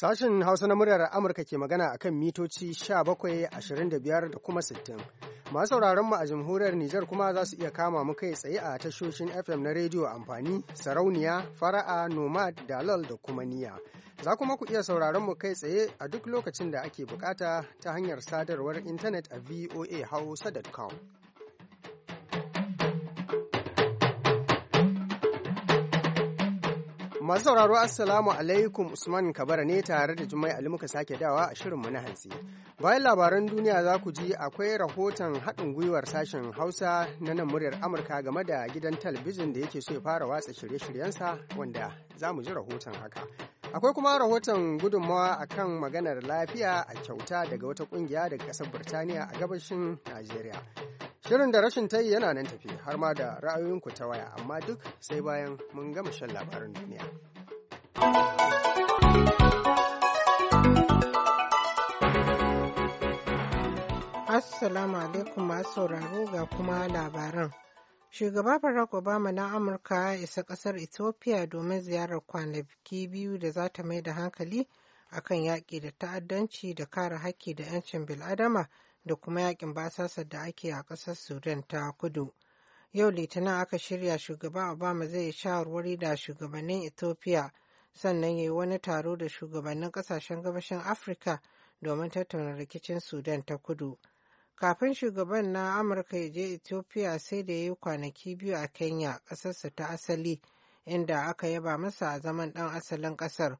Sashen Hausa na muryar Amurka ke magana a kan mitoci 17,25 da kuma 60. Masu sauraron mu a jamhuriyar Nijar kuma za su iya kama mu kai tsaye a tashoshin FM na rediyo amfani, sarauniya, fara'a, nomad, dalal da kuma niya. Za kuma ku iya sauraron mu kai tsaye a duk lokacin da ake bukata ta hanyar sadarwar intanet a voahausa.com. Masu sauraro Assalamu alaikum Usman Kabara ne tare da Jummai Ali muka sake dawa a shirinmu na hantsi. Bayan labaran duniya za ku ji akwai rahoton haɗin gwiwar sashen Hausa na nan muryar Amurka game da gidan talabijin da yake so ya fara watsa shirye-shiryensa wanda za mu ji rahoton haka. Akwai kuma rahoton gudunmawa akan maganar lafiya a kyauta daga wata ƙungiya daga ƙasar Birtaniya a gabashin Najeriya. Shirin da rashin yi yana nan tafi har ma da ra'ayoyinku ta waya amma duk sai bayan mun gama shan labarin duniya. Assalamu alaikum masu sauraro ga kuma labaran. Shugaba Barack Obama na Amurka ya isa ƙasar Ethiopia domin ziyarar kwanaki biyu da za ta mai da hankali akan yaƙi da ta'addanci da kare haƙƙi da 'yancin bil'adama da kuma yakin basasa da ake a ƙasar Sudan ta kudu. Yau Litinin aka shirya shugaban Obama zai yi shawarwari da shugabannin Ethiopia sannan ya yi wani taro da shugabannin ƙasashen gabashin Afirka domin tattauna rikicin Sudan ta kudu. Kafin shugaban na Amurka ya je Ethiopia sai da ya yi kwanaki biyu a Kenya ƙasarsa ta asali inda aka yaba masa a zaman ɗan asalin ƙasar.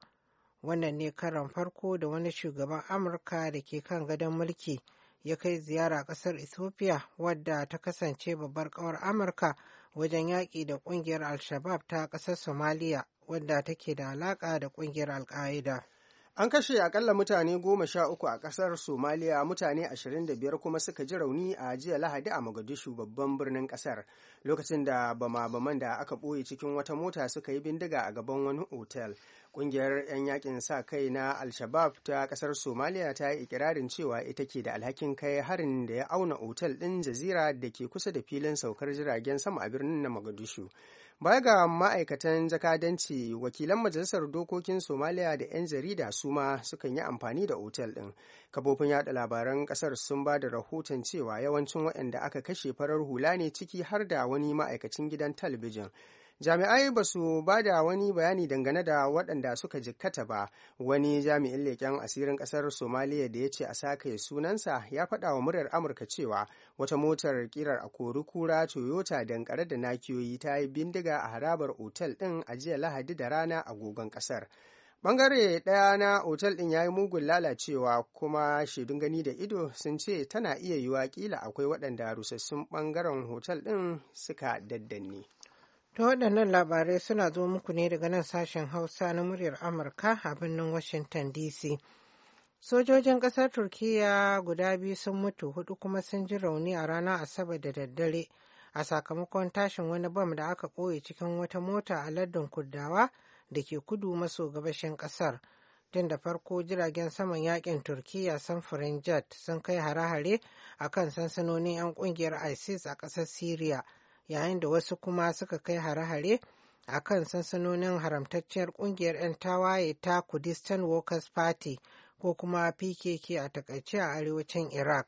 Wannan ne karan farko da wani shugaban Amurka da ke kan gadon mulki. ya kai ziyara ƙasar ethiopia wadda ta kasance babbar kawar amurka wajen yaƙi da ƙungiyar al-shabab ta ƙasar Somalia, wadda take da alaƙa da ƙungiyar al-qaida. An kashe akalla mutane goma sha uku a ƙasar Somaliya mutane ashirin da biyar kuma suka ji rauni a jiya Lahadi a Mogadishu babban birnin ƙasar lokacin da bama-baman da aka ɓoye cikin wata mota suka yi bindiga a gaban wani otel. Ƙungiyar 'yan yakin sa kai na Al-Shabaab ta ƙasar Somaliya ta yi ikirarin cewa ita ke da alhakin kai harin da ya auna otel ɗin jazira da ke kusa da filin saukar jiragen sama a birnin na Mogadishu. Baya ga ma'aikatan jakadanci, wakilan Majalisar Dokokin Somaliya da 'yan jarida su ma sukan yi amfani da otel ɗin. Kafofin yada labaran ƙasar sun ba da rahoton cewa yawancin waɗanda aka kashe farar hula ne ciki har da wani ma'aikacin gidan talabijin. jami'ai ba su ba da wani bayani dangane da waɗanda suka jikkata ba wani jami'in leƙen asirin ƙasar somaliya da ya ce a sake sunansa ya faɗa wa muryar amurka cewa wata motar kirar akori kura toyota dankare da nakiyoyi ta yi bindiga a harabar otel ɗin a jiya lahadi da rana a gogon ƙasar bangare ɗaya na otal ɗin ya yi mugun lalacewa kuma shaidun gani da ido sun ce tana iya yiwa kila akwai waɗanda rusassun ɓangaren hotel ɗin suka daddanne. Ta waɗannan labarai suna zo muku ne daga nan sashen Hausa na muryar Amurka a birnin Washington DC. Sojojin ƙasar Turkiyya guda biyu sun mutu hudu kuma sun ji rauni a ranar Asabar da daddare a sakamakon tashin wani bam da aka ɓoye cikin wata mota a lardin Kurdawa da ke kudu maso gabashin ƙasar. Tun da farko jiragen saman yakin Turkiyya samfurin jet sun kai hare-hare a kan sansanonin 'yan ƙungiyar ISIS a ƙasar Siriya. yayin da wasu kuma suka kai hare-hare a kan sansanonin haramtacciyar kungiyar 'yan tawaye ta kudistan Workers Party ko kuma PKK a takaice a arewacin Iraq.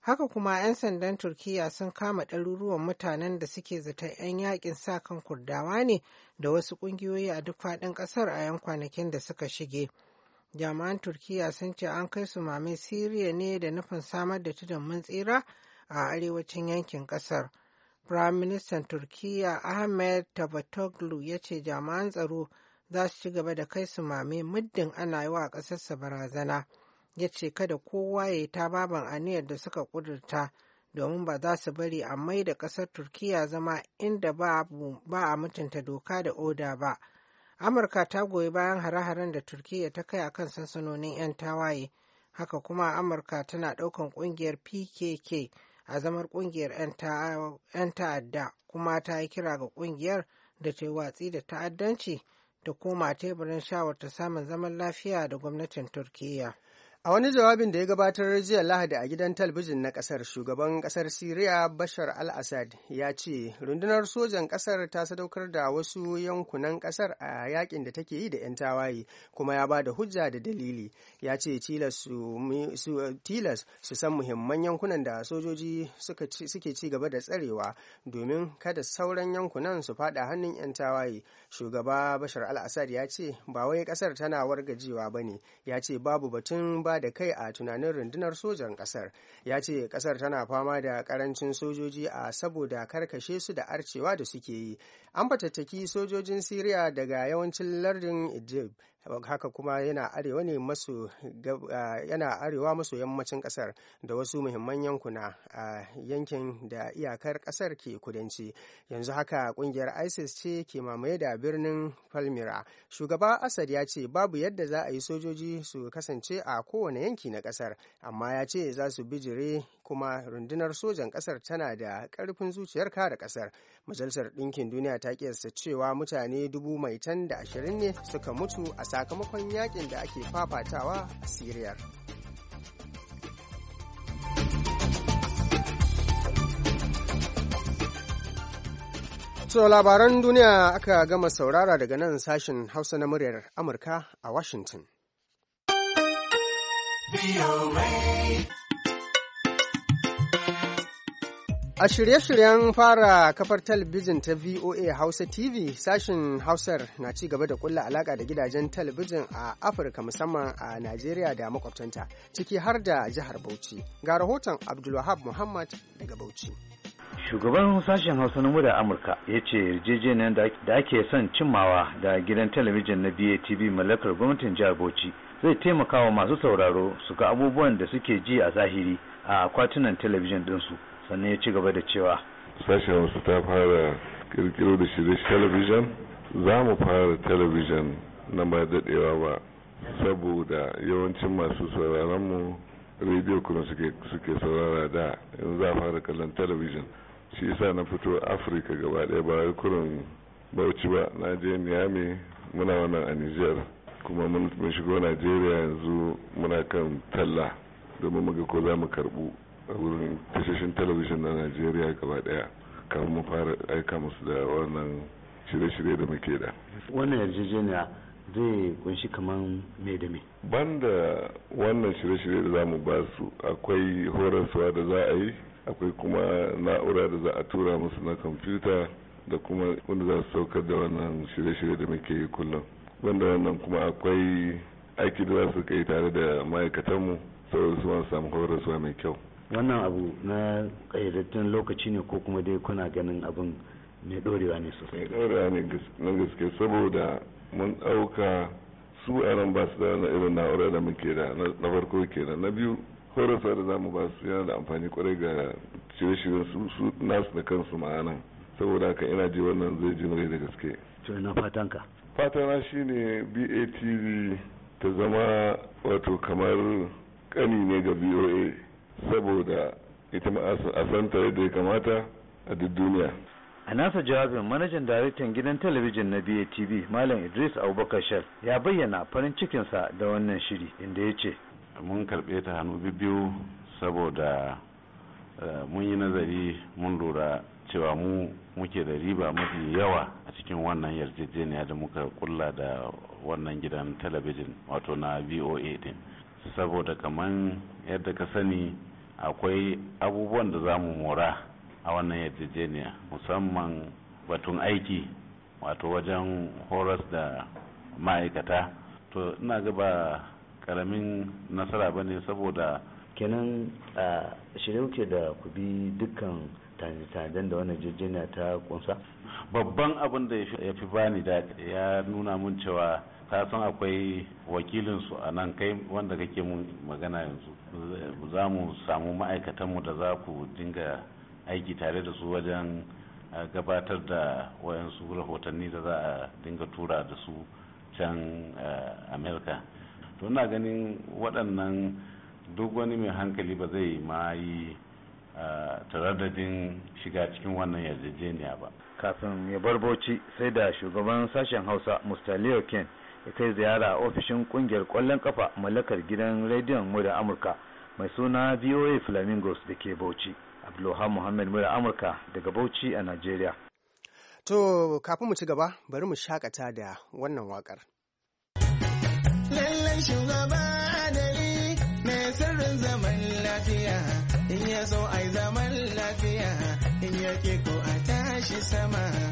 Haka kuma 'yan sandan Turkiyya sun kama ɗaruruwan mutanen da suke zaton 'yan yakin sa kan Kurdawa ne da wasu ƙungiyoyi a duk faɗin ƙasar a 'yan kwanakin da suka shige. Jami'an Turkiyya sun ce an kai su mamai Siriya ne da nufin samar da tudun mun tsira a arewacin yankin ƙasar. Firaministan Turkiyya Ahmed Tabatoglu ya ce jami'an tsaro za su ci gaba da kai su mame muddin ana yi wa ƙasarsa barazana. Ya ce kada kowa ya yi ta baban aniyar da suka ƙudurta domin ba za su bari a mai da ƙasar Turkiyya zama inda ba a mutunta doka da oda ba. Amurka ta goyi bayan hare-haren da Turkiyya ta kai a kan sansanonin 'yan tawaye. Haka kuma Amurka tana ɗaukan ƙungiyar PKK A azamar kungiyar 'yan ta'adda kuma ta yi kira ga kungiyar da ta yi watsi da ta'addanci da koma teburin shawarta samun zaman lafiya da gwamnatin turkiyya A wani jawabin da ya gabatar jiya Lahadi a gidan talbijin na ƙasar, shugaban ƙasar Siriya Bashar al-Assad ya ce rundunar sojan ƙasar ta sadaukar da wasu yankunan ƙasar a yakin da take yi da 'yan tawaye kuma ya ba da hujja da dalili ya ce tilas su san muhimman yankunan da sojoji suke ci gaba da tsarewa domin kada sauran yankunan su fada hannun 'yan tawaye shugaba Bashar al-Assad ya ce ba wai ƙasar tana wargajewa bane ya ce babu batun ba A da kai a tunanin rundunar sojan ƙasar, ya ce ƙasar tana fama da ƙarancin sojoji a saboda karkashe su da arcewa da suke yi an fatattaki sojojin siriya daga yawancin lardin idlib haka kuma yana arewa ne maso yana arewa maso yammacin kasar da wasu muhimman yankuna a yankin da iyakar kasar ke kudanci yanzu haka kungiyar isis ce ke mamaye da birnin palmira shugaba asad ya ce babu yadda za a yi sojoji su kasance a kowane yanki na kasar amma ya ce za su bijire kuma rundunar sojan ƙasar tana da ƙarfin zuciyar kare ƙasar majalisar ɗinkin duniya ta kiyasta cewa mutane dubu mai tan da ashirin ne suka mutu a sakamakon yakin da ake fafatawa a siriyar So labaran duniya aka gama saurara daga nan sashen Hausa na muryar Amurka a Washington. A shirye-shiryen fara kafar talabijin ta VOA Hausa TV sashin Hausar na ci gaba da kulla alaka da gidajen talabijin a Afirka musamman a Najeriya da makwabtanta ciki har da jihar Bauchi. Ga rahoton Abdulwahab Muhammad daga Bauchi. Shugaban sashen Hausa na da Amurka ya ce yarjejeniyar da ake son cimmawa da gidan talabijin na BATV mallakar gwamnatin jihar Bauchi zai taimaka wa masu sauraro su ga abubuwan da suke ji a zahiri a akwatunan talabijin ɗinsu. sannan ya ci gaba da cewa sashen wasu ta fara kirkiro da shirye talabijin za mu fara talabijin na ba daɗewa ba saboda yawancin masu sauraron mu rediyo kuma suke saurara da in za fara kallon talabijin shi yasa na fito afirka gaba ɗaya ba wai kurin bauchi ba na je niyami muna wannan a nijar kuma mun shigo najeriya yanzu muna kan talla domin muga ko za mu karɓu a wurin tashoshin talabijin na najeriya gaba daya kafin mu fara aika musu da wannan shirye-shirye da muke da wannan yarjejeniya zai kunshi kamar me da me banda wannan shirye-shirye da za mu ba su akwai horaswa da za a yi akwai kuma na'ura da za a tura musu na kwamfuta da kuma wanda za su saukar da wannan shirye-shirye da muke yi kullum wanda wannan kuma akwai aiki da za su kai tare da ma'aikatanmu saboda su samu horaswa mai kyau wannan abu na ƙayyadattun lokaci ne ko kuma dai kuna ganin abin mai ɗorewa ne sosai mai ɗorewa ne na gaske saboda mun ɗauka su yaran ba su da irin na'ura da muke da na farko kenan na biyu horasa da zamu ba su yana da amfani kwarai ga shirye-shiryen su nasu da kansu ma'ana saboda haka ina ji wannan zai ji mai da gaske to ina fatan ka fatana shine BATV ta zama wato kamar kani ne ga BOA saboda ita ma a da ya kamata a duk duniya a nasa jawabin manajan daraktan gidan talabijin na BATV Malam Idris Abubakar Shal ya bayyana farin cikinsa da wannan shiri inda ya ce mun karɓe ta hannu biyu saboda eh, mun yi nazari mun lura cewa mu muke da riba mafi yawa a cikin wannan yarjejeniya da muka kulla da wannan gidan talabijin wato na voa din saboda kaman yadda ka sani akwai abubuwan da za mu mora a wannan yarjejeniya musamman batun aiki wato wajen horas da ma'aikata to ina ga ba karamin nasara ba ne saboda kenan a shirye kuke da ku bi dukkan tanzaden da wannan jirgin ta kunsa babban abin da ya fi bani da ya nuna mun cewa ka san akwai su a nan kai wanda kake mun magana yanzu za mu samu ma'aikatanmu da za ku dinga aiki tare da su wajen gabatar da wayansu rahotanni da za a dinga tura da su can amerika to ina ganin waɗannan duk wani mai hankali ba zai ma yi taradadin shiga cikin wannan yarjejeniya ba kafin ya barboci sai da shugaban sashen hausa mustaliyo ken ya kai ziyara a ofishin kungiyar kwallon kafa mallakar gidan rediyon murya amurka mai suna voa flamingos da ke bauchi abdulhamid muhammad murya amurka daga bauchi a nigeria to kafin mu ci gaba bari mu shakata da wannan wakar lallai shugaba adali mai sirrin zaman lafiya in ya zo ai zaman lafiya in ya ko a tashi sama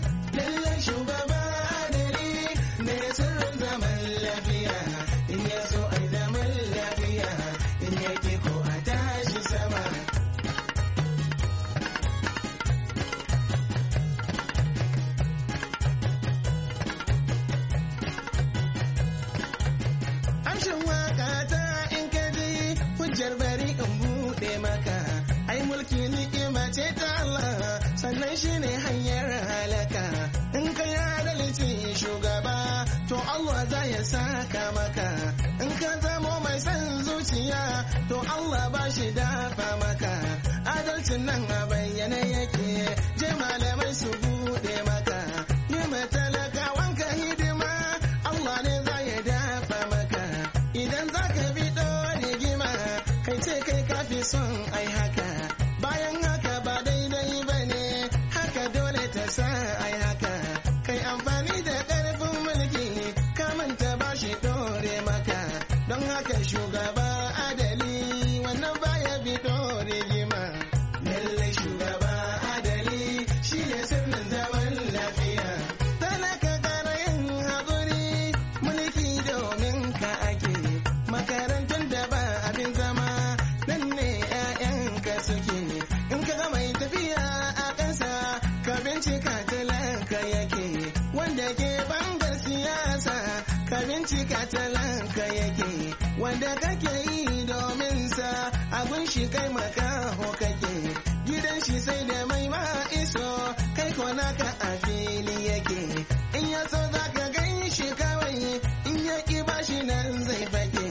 shi nan zai fage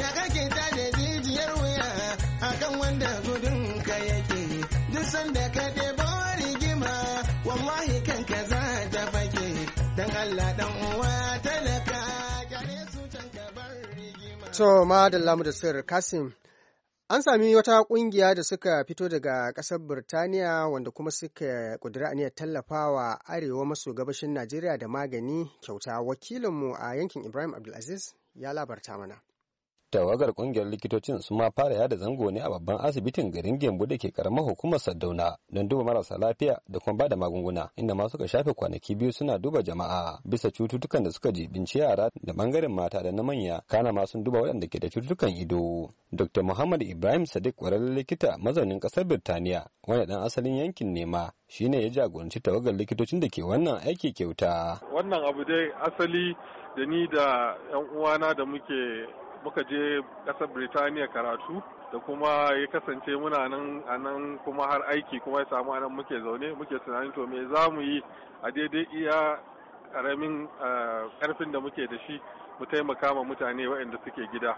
ya kake ta da jijiyar wuya a kan wanda gudun ka yake duk sanda ka ɗebo rigima wallahi kanka za ta fage dan Allah dan uwa talaka gare su can ka bar rigima to madalla mu da sir kasim An sami wata ƙungiya da suka fito daga ƙasar Birtaniya wanda kuma suka ƙudiri aniyar tallafawa arewa maso gabashin Najeriya da magani kyauta wakilinmu a yankin Ibrahim Abdulaziz ya labarta mana. tawagar kungiyar likitocin su ma fara yada zango ne a babban asibitin garin gembu da ke karamar hukumar saddauna don duba marasa lafiya da kuma bada magunguna inda ma suka shafe kwanaki biyu suna duba jama'a bisa cututtukan da suka jibinci yara da bangaren mata da na manya kana ma sun duba waɗanda ke da cututtukan ido dr muhammad ibrahim sadiq kwararren likita mazaunin ƙasar birtaniya wani dan asalin yankin nema shine ya jagoranci tawagar likitocin da ke wannan aiki kyauta wannan abu dai asali da ni da 'yan uwana da muke muka je kasar Birtaniya karatu da kuma ya kasance muna nan a nan kuma har aiki kuma ya samu anan muke zaune muke tunanin to me za mu yi a daidai iya karamin karfin da muke da shi mu taimaka ma mutane waɗanda suke gida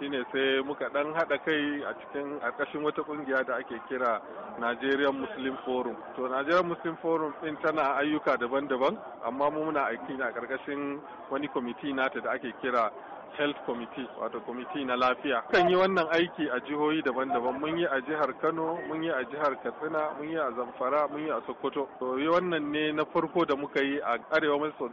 shine sai muka ɗan haɗa kai a cikin ƙarƙashin wata ƙungiya da ake kira Nigerian Muslim Forum to Nigerian Muslim Forum ɗin tana ayyuka daban-daban amma mu muna aiki a ƙarƙashin wani kwamiti nata da ake kira health committee wato kwamiti na lafiya kan yi wannan aiki a jihohi daban-daban mun yi a jihar kano mun yi a jihar katsina mun yi a zamfara mun yi a sokoto to wannan ne na farko da muka yi a arewa maso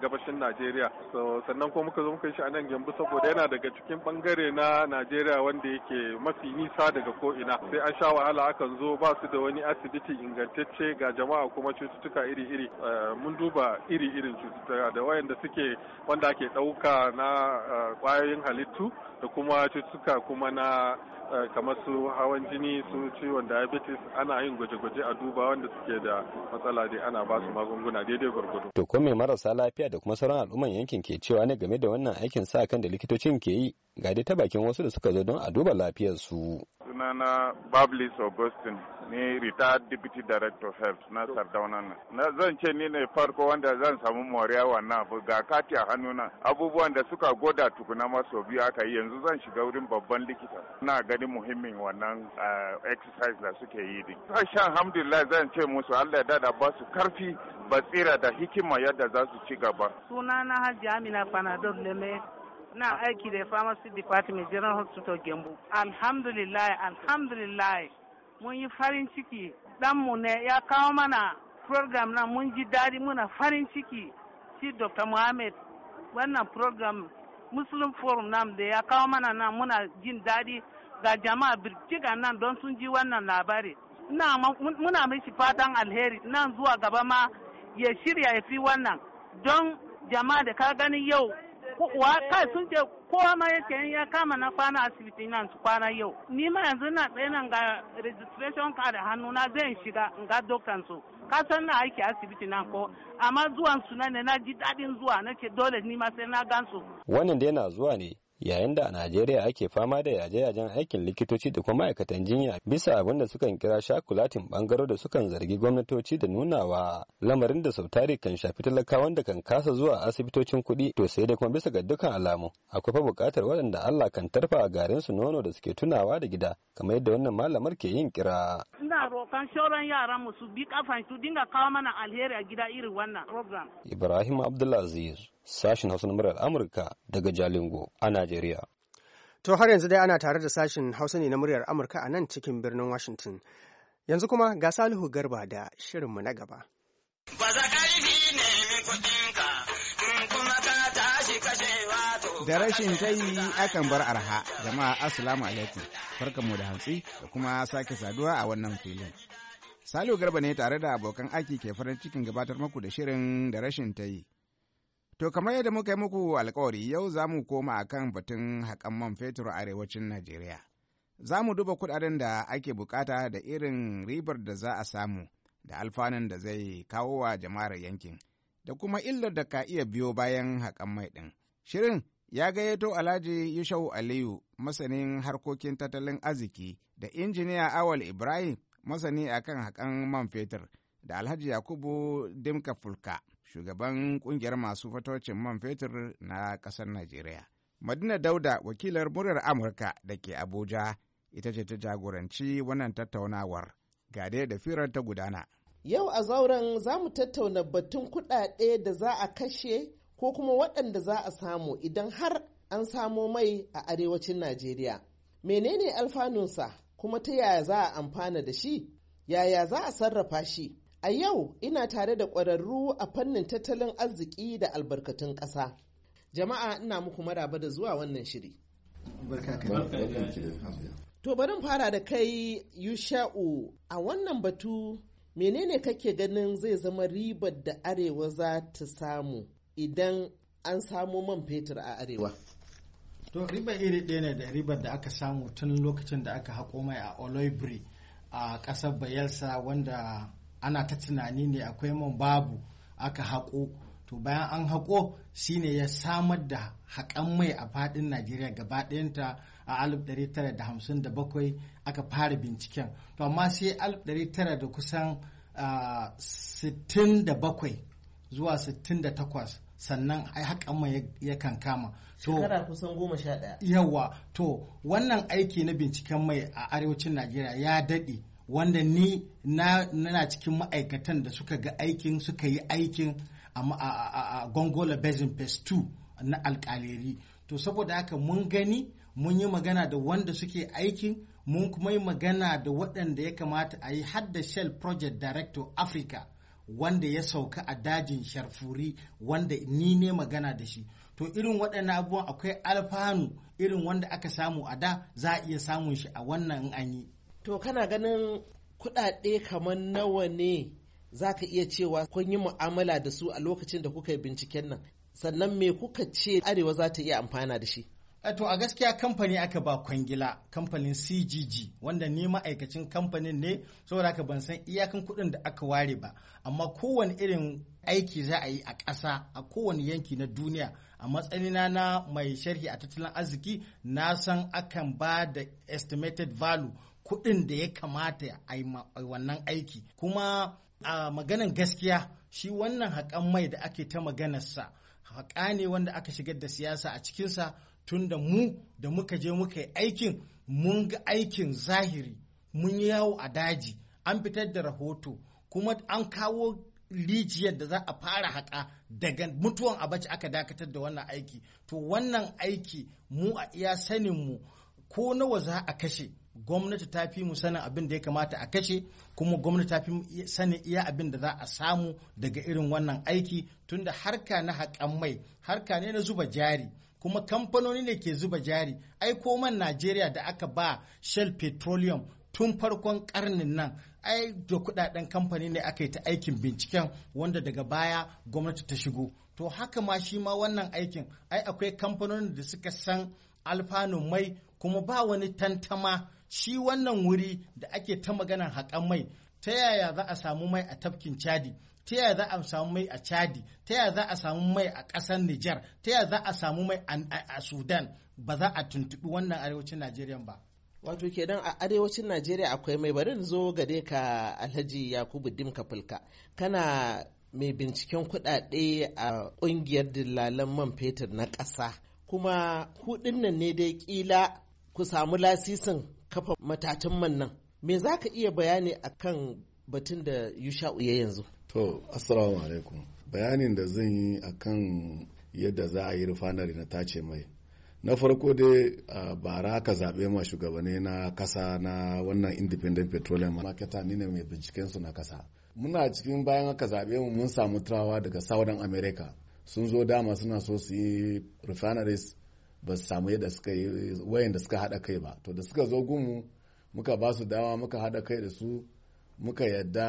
gabashin najeriya so sannan kuma muka zo muka yi shi a nan gembu saboda yana daga cikin bangare na najeriya wanda yake mafi nisa daga ko ina sai an sha wahala akan zo ba su da wani asibiti ingantacce ga jama'a kuma cututtuka iri-iri eh, mun duba iri-irin cututtuka da wayanda suke wanda ake ɗauka na eh, kwayoyin halittu da kuma cututtuka kuma na eh, kamar su hawan jini su ciwon diabetes ana yin gwaje-gwaje a duba wanda suke da matsala dai ana ba su magunguna daidai gwargwado. To ko me marasa lafiya da kuma sauran al'umman yankin ke cewa ne game da wannan aikin sa kan da likitocin ke yi ga dai ta bakin wasu da suka zo don a duba lafiyar su. sunana bablis Augustine ni retired deputy director of health na sardauna na zan ce ni ne farko wanda zan samu moriya wannan abu ga kati a hannuna abubuwan da suka goda tukuna maso biyu aka yi yanzu zan shiga wurin babban likita na gani muhimmin wannan eh, exercise da suke yi din sashen alhamdulillah zan ce musu allah ya dada ba su karfi basira da hikima yadda za su ci gaba sunana hajji amina panadol leme na aiki da pharmacy department general hospital gembu alhamdulillah alhamdulillah mun yi farin ciki ɗanmu ne ya kawo mana program na mun ji daɗi muna farin ciki shi dr muhammad wannan program muslim forum nam da ya kawo mana nan muna jin daɗi ga jama'a birkiga nan don sun ji wannan labari muna mishi fatan alheri nan zuwa gaba ma ya shirya ya fi wannan don jama'a da ka gani yau wa kai sun ce kowa ma yake ya kama na kwana asibiti nan su kwana yau ni ma yanzu na tsaye nan ga registration card na zan shiga in ga doktan su ka san na aiki asibiti na ko amma zuwan su na ne na ji dadin zuwa nace dole ni ma sai na gan su wannan da yana zuwa ne yayin da a Najeriya ake fama da yaje-yajen aikin likitoci da kuma ma'aikatan jinya bisa abin da sukan kira shakulatin bangaro da sukan zargi gwamnatoci da nunawa lamarin da sau tari kan shafi talakawan da kan kasa zuwa asibitocin kuɗi to sai da kuma bisa ga dukkan alamu akwai fa buƙatar waɗanda Allah kan tarfa a garin su nono da suke tunawa da gida kamar yadda wannan malamar ke yin kira. Ina roƙon shauran yaran mu su bi kafan su dinga kawo mana alheri a gida irin wannan program. Ibrahim Abdulaziz Sashen hausa na muryar amurka daga jalingo a najeriya to har yanzu dai ana tare da sashen hausa ne na muryar amurka a nan cikin birnin washington yanzu kuma ga salihu garba da shirinmu na gaba da rashin ta yi akan bar arha jama'a assalamu alaikum farkanmu da hantsi da kuma sake saduwa a wannan filin salihu garba ne tare da abokan aiki ke farin cikin gabatar maku da shirin da rashin ta yi To kamar yadda muka yi muku alkawari yau za mu koma akan batun haƙan man fetur a arewacin Najeriya. Za mu duba kuɗaɗen da ake bukata da irin ribar da za a samu da alfanun da zai kawo wa jama'ar yankin da kuma illar da ka iya biyo bayan haƙan mai ɗin. Shirin ya gayyato Alhaji Yushau Aliyu masanin harkokin tattalin arziki da injiniya Awal Ibrahim masani akan haƙan man fetur da Alhaji Yakubu Dimka Fulka. shugaban kungiyar masu fatocin man fetur na ƙasar Najeriya. Madina Dauda wakilar muryar Amurka da ke Abuja ita ce ta jagoranci wannan tattaunawar ga da firar ta gudana. Yau a zauren za mu tattauna batun kuɗaɗe da za a kashe ko kuma waɗanda za a samu idan har an samo mai a arewacin Najeriya. Menene alfanunsa kuma ta yaya za a amfana da shi? Yaya za a sarrafa shi? A yau ina tare da ƙwararru a fannin tattalin arziki da albarkatun ƙasa. Jama'a ina muku maraba da zuwa wannan shiri. To bari fara da kai Yusha'u a wannan batu menene kake ganin zai zama ribar da arewa za ta samu idan an samu man fetur a arewa? To ribar iri ɗaya ne da ribar da aka samu tun lokacin da aka haƙo mai a Oloibri a ƙasar Bayelsa wanda ana ta tunani ne akwai mun babu aka haƙo to bayan an haƙo shine ya samar da haƙan mai a faɗin najeriya gaba ɗayanta a 1957 aka fara binciken to amma sai 1900 da kusan bakwai zuwa 68 sannan ai haƙan mai ya kan kama shekara kusan goma sha ɗaya yawa to wannan aiki na binciken mai a arewacin najeriya ya daɗe wanda ni na cikin ma'aikatan da suka ga aikin suka yi aikin a gongola basin phase 2 na alkaleri to saboda haka mun gani mun yi magana da wanda suke aikin mun kuma yi magana da waɗanda ya kamata a yi hadda shell project director africa wanda ya sauka a dajin sharfuri wanda ni ne magana da shi to irin waɗannan abubuwan akwai alfanu irin wanda aka samu a da za a iya samun shi a wannan an yi to kana ganin kuɗaɗe kamar nawa ne za ka iya cewa kun yi mu'amala da su a lokacin da kuka yi binciken nan sannan me kuka ce arewa za ta iya amfana da shi eh, to a gaskiya kamfani aka ba kwangila kamfanin cgg wanda ni ma'aikacin kamfanin ne saboda haka ban san iyakan kuɗin da aka ware ba amma kowane irin aiki za a yi a ƙasa a kowane yanki na duniya a matsayina na mai sharhi a tattalin arziki na san akan ba da estimated value kuɗin da ya kamata a yi wannan aiki kuma a maganan gaskiya shi wannan haƙan mai da ake ta maganarsa haƙa ne wanda aka shigar da siyasa a cikinsa tun da mu da muka je muka yi aikin mun ga aikin zahiri mun yawo a daji an fitar da rahoto kuma an kawo rijiyar da za a fara haƙa daga mutuwan abaci aka dakatar da wannan aiki to wannan aiki mu a iya mu ko nawa za a kashe gwamnati ta fi mu sanin abin da ya kamata a kashe kuma gwamnati ta fi sanin iya abin da za a samu daga irin wannan aiki tunda harka na haƙan mai harka ne na zuba jari kuma kamfanoni ne ke zuba jari ai koman najeriya da aka ba shell petroleum tun farkon karnin nan ai da kudaden kamfani ne aka yi ta aikin binciken wanda daga baya gwamnati ta shigo to haka ma shi ma wannan aikin ai akwai kamfanonin da suka san alfanun mai kuma ba wani tantama shi wannan wuri da ake ta maganan haƙan mai ta yaya za a samu mai a tafkin chadi ta yaya za a samu mai a chadi ta yaya za a samu mai a ƙasar niger ta yaya za a samu mai a sudan ba za a tuntuɓi wannan arewacin najeriya ba wato kenan a arewacin najeriya akwai mai barin zo gare ka alhaji yakubu dimka fulka kana mai binciken kuɗaɗe a ƙungiyar dillalan man fetur na ƙasa kuma kuɗin nan ne dai ƙila ku samu lasisin kafa matatan man nan me za ka iya bayani akan batun da yusha'u ya yanzu to assalamu alaikum bayanin da zan yi akan yadda za a yi rufanari na tace mai na farko dai a bara ka zaɓe ma shugabanni na kasa na wannan independent petroleum marketa ni ne mai binciken su na kasa muna cikin bayan aka zaɓe mu mun samu turawa daga southern america sun zo dama suna so su yi refineries ba su samu yadda suka yi wayan da suka haɗa kai ba to da suka zo gunmu muka ba su dama muka haɗa kai da su muka yadda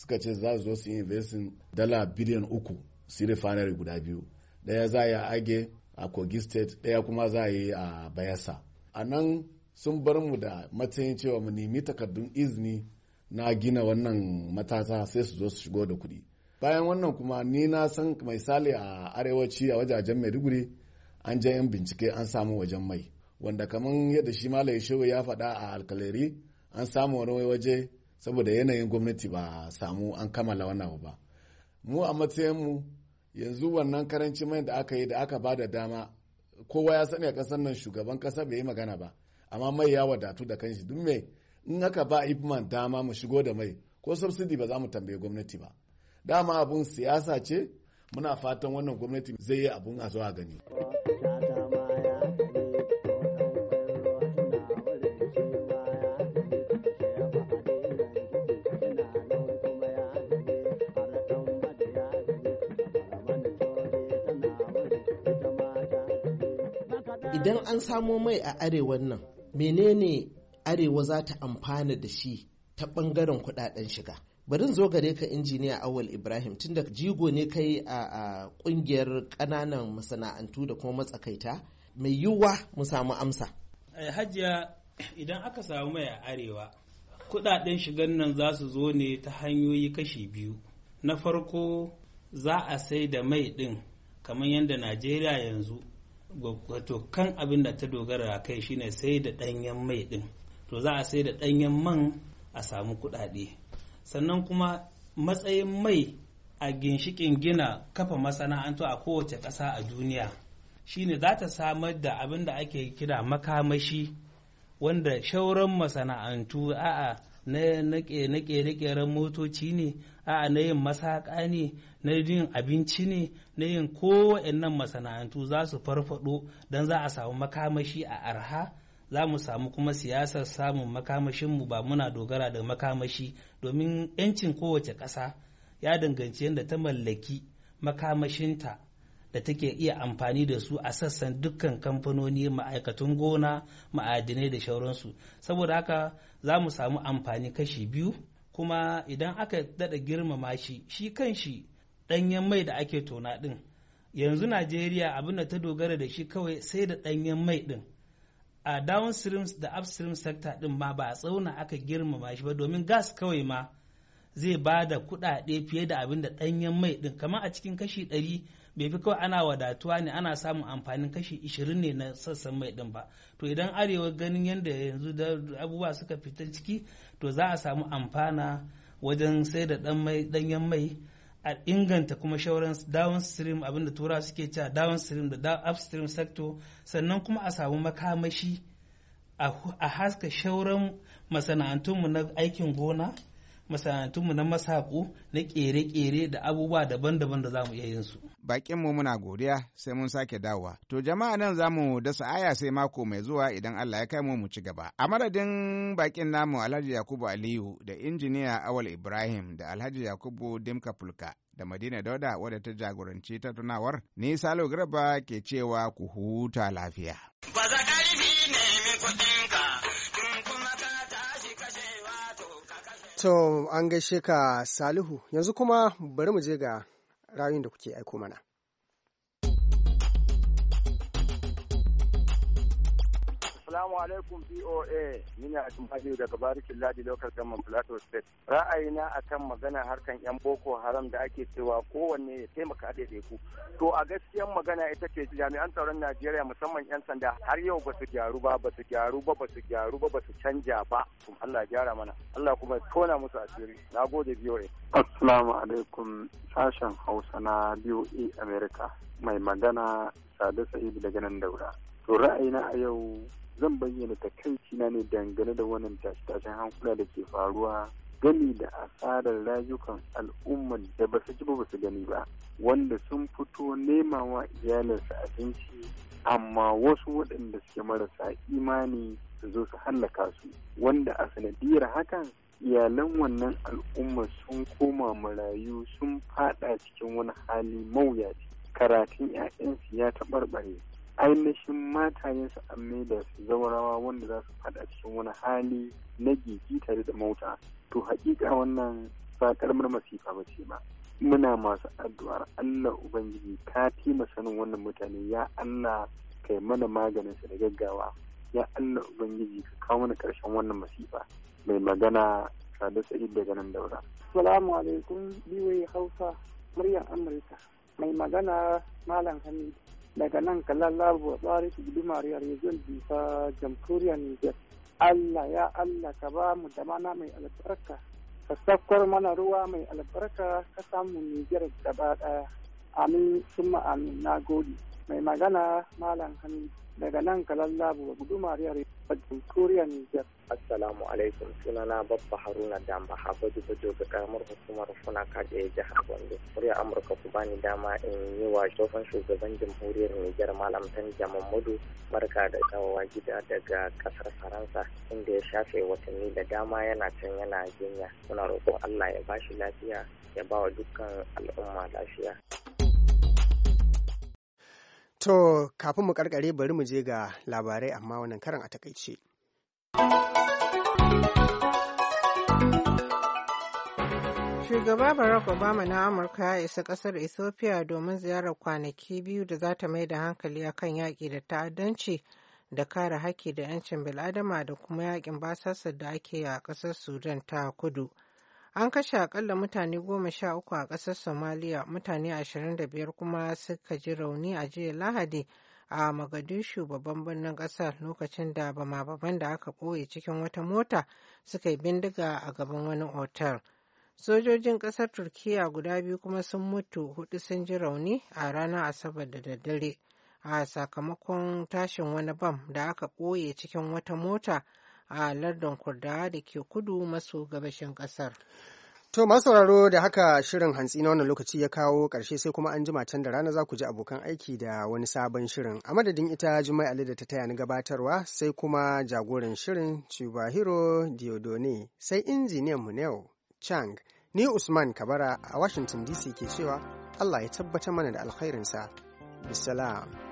suka ce za su zo su yi investin dala biliyan uku su refinery guda biyu ɗaya za a yi age a kogi state ɗaya kuma za a yi a bayasa a nan sun bar mu da matsayin cewa mu nemi takardun izini na gina wannan matasa sai su zo su shigo da kuɗi bayan wannan kuma ni na san mai sale a arewaci a wajajen maiduguri an je yan bincike an samu wajen mai wanda kamar yadda shi malai shehu ya faɗa a alkaleri an samu wani waje saboda yanayin gwamnati ba samu an kammala wannan ba mu a mu yanzu wannan karancin mai da aka yi da aka bada dama kowa ya sani a kasar nan shugaban kasa bai yi magana ba amma mai ya wadatu da kanshi duk mai in aka ba ipman dama mu shigo da mai ko subsidi ba za mu tambaye gwamnati ba dama abun siyasa ce muna fatan wannan gwamnati zai yi abun a zuwa gani. idan an samo mai a arewan nan menene arewa za ta amfana da shi ta ɓangaren kuɗaɗen shiga barin zo gare ka injiniya awal ibrahim tunda jigo ne kai a ƙungiyar ƙananan masana'antu da kuma matsakaita mai yiwuwa mu samu amsa eh, hajiya idan aka samu mai a arewa kuɗaɗen shigan nan za su zo ne ta hanyoyi kashi biyu na farko za a sai da mai ɗin kamar yadda najeriya yanzu wato kan abin da ta dogara a kai shine sai da ɗanyen mai ɗin to za a sai da ɗanyen man a samu kuɗaɗe sannan kuma matsayin mai a ginshikin gina kafa masana'antu a kowace ƙasa a duniya shine za ta samar da abin da ake kira makamashi wanda shauran masana'antu a'a na nake nake motoci ne A'a, na yin masaka ne na yin abinci ne na yin nan masana'antu za su farfado don za a samu makamashi a arha za mu samu kuma siyasar samun makamashinmu ba muna dogara da makamashi domin 'yancin kowace ƙasa ya danganci yadda ta mallaki makamashinta da take iya amfani da su a sassan dukkan kamfanoni ma'aikatun gona ma'adinai da shauransu saboda haka za mu samu amfani kashi biyu kuma idan aka dada girmama shi shi kan shi ɗanyen mai da ake tona ɗin yanzu najeriya abin da ta dogara da shi kawai sai da ɗanyen mai ɗin a downstream da upstream sector ɗin ma ba a tsauna aka girmama shi ba domin gas kawai ma zai ba da kuɗaɗe fiye da abin da ɗanyen mai ɗin kamar a cikin kashi ɗari bai fi kawai ana wadatuwa ne ana samun amfanin kashi ishirin ne na sassan mai ɗin ba to idan arewa ganin yadda yanzu da abubuwa suka fita ciki to za a samu amfana wajen sai da ɗanyen mai a inganta kuma shauran downstream abinda tura suke cewa downstream da upstream sector sannan kuma a samu makamashi a haska shauran masana'antunmu na aikin gona masana'antunmu na masaku na kere-kere da abubuwa daban-daban da za mu iya yin su. Bakin mu muna godiya sai mun sake dawowa. To jama'a nan za mu dasa aya sai mako mai zuwa idan Allah ya kai mu mu ci gaba. A madadin bakin namu Alhaji Yakubu Aliyu da injiniya Awal Ibrahim da Alhaji Yakubu Dimka Fulka da Madina Dauda wadda ta jagoranci tattaunawar ni Salo Garba ke cewa ku huta lafiya. Ba za ne kuɗinka. To an gaishe ka Salihu yanzu kuma bari mu je ga rayun da kuke aiko mana. Assalamu alaikum BOA. Ni ne Adumali daga Barikin Ladi Local Government Plateau State. Ra'ayina a kan magana harkan 'yan Boko Haram da ake cewa kowanne ya taimaka a ku. To a gaskiyan magana ita ce jami'an tsaron Najeriya musamman 'yan sanda har yau ba su gyaru ba, ba su gyaru ba, ba su gyaru ba, ba su canja ba. Kuma Allah gyara mana. Allah kuma tona musu asiri. Na gode BOA. Assalamu alaikum sashen Hausa na BOA America. Mai magana Sadu Sa'idu daga nan daura. To ra'ayina a yau zan bayyana ta takaicina ne dangane da wannan tashe-tashen hankula da ke faruwa gani da asarar rayukan al'ummar da ba su ji ba su gani ba wanda sun fito nemawa iyalinsu abinci amma wasu waɗanda suke marasa imani su zo su hallaka su wanda a sanadiyar hakan iyalan wannan al'ummar sun koma marayu sun fada cikin wani hali mawuyaci karatun 'ya'yansu ya taɓarɓare ainihin matayen su amme da su zaurawa wanda za su faɗa cikin wani hali na gigi tare da mota to hakika wannan ba karamar masifa ba ce ba muna masu addu'ar Allah Ubangiji ka tima sanin wannan mutane ya Allah kai mana maganin su da gaggawa ya Allah Ubangiji ka kawo mana karshen wannan masifa mai magana Sadu Sa'id daga nan daura. Salamu alaikum biwe Hausa muryar Amurka mai magana Malam Hamidu. daga nan ka kalalla tsari su gudu mariyar yanzu bisa jamhuriyar niger allah ya allah ka ba mu da mana mai albarka ka sakwar mana ruwa mai albarka ka samu niger gaba daya amin suma amin na gode mai magana malam hamidu daga nan kalallabu gudumar yare wajen turiya nijar assalamu alaikum sunana babba haruna damba habaju bajo ga karamar hukumar funa kaje jihar gombe murya amurka ku bani dama in yi wa tsohon shugaban jamhuriyar niger malam tanja mudu barka da dawowa gida daga kasar faransa inda ya shafe watanni da dama yana can yana jinya muna roƙon allah ya bashi lafiya ya ba wa dukkan al'umma lafiya. To, kafin mu karkare bari mu je ga labarai amma wannan karan a takaice. Shugaba Barack Obama na Amurka ya isa ƙasar Ethiopia domin ziyarar kwanaki biyu da za ta mai da hankali a kan yaƙi da ta'addanci da kare haƙƙi da 'yancin bil'adama da kuma yaƙin basasar da ake a ƙasar Sudan ta kudu. An kashe akalla mutane goma sha uku a ƙasar Somalia, mutane ashirin da biyar kuma suka ji rauni a jiya Lahadi a Magadishu babban birnin ƙasar lokacin da bama-baban da aka ɓoye cikin wata mota suka yi bindiga a gaban wani otal. Sojojin ƙasar Turkiya guda biyu kuma sun mutu hudu sun ji rauni a ranar Asabar da daddare a sakamakon tashin wani bam da aka ɓoye cikin wata mota a lardin kurda da ke kudu maso gabashin kasar. To masu sauraro da haka shirin hantsi na wannan lokaci ya kawo ƙarshe sai kuma an jima can da rana za ku ji abokan aiki da wani sabon shirin. A madadin ita Jumai Ali da ta taya ni gabatarwa sai kuma jagoran shirin Chibahiro Diodone sai injiniyan mu Neo Chang. Ni Usman Kabara a Washington DC ke cewa Allah ya tabbatar mana da alkhairinsa. Bisalam.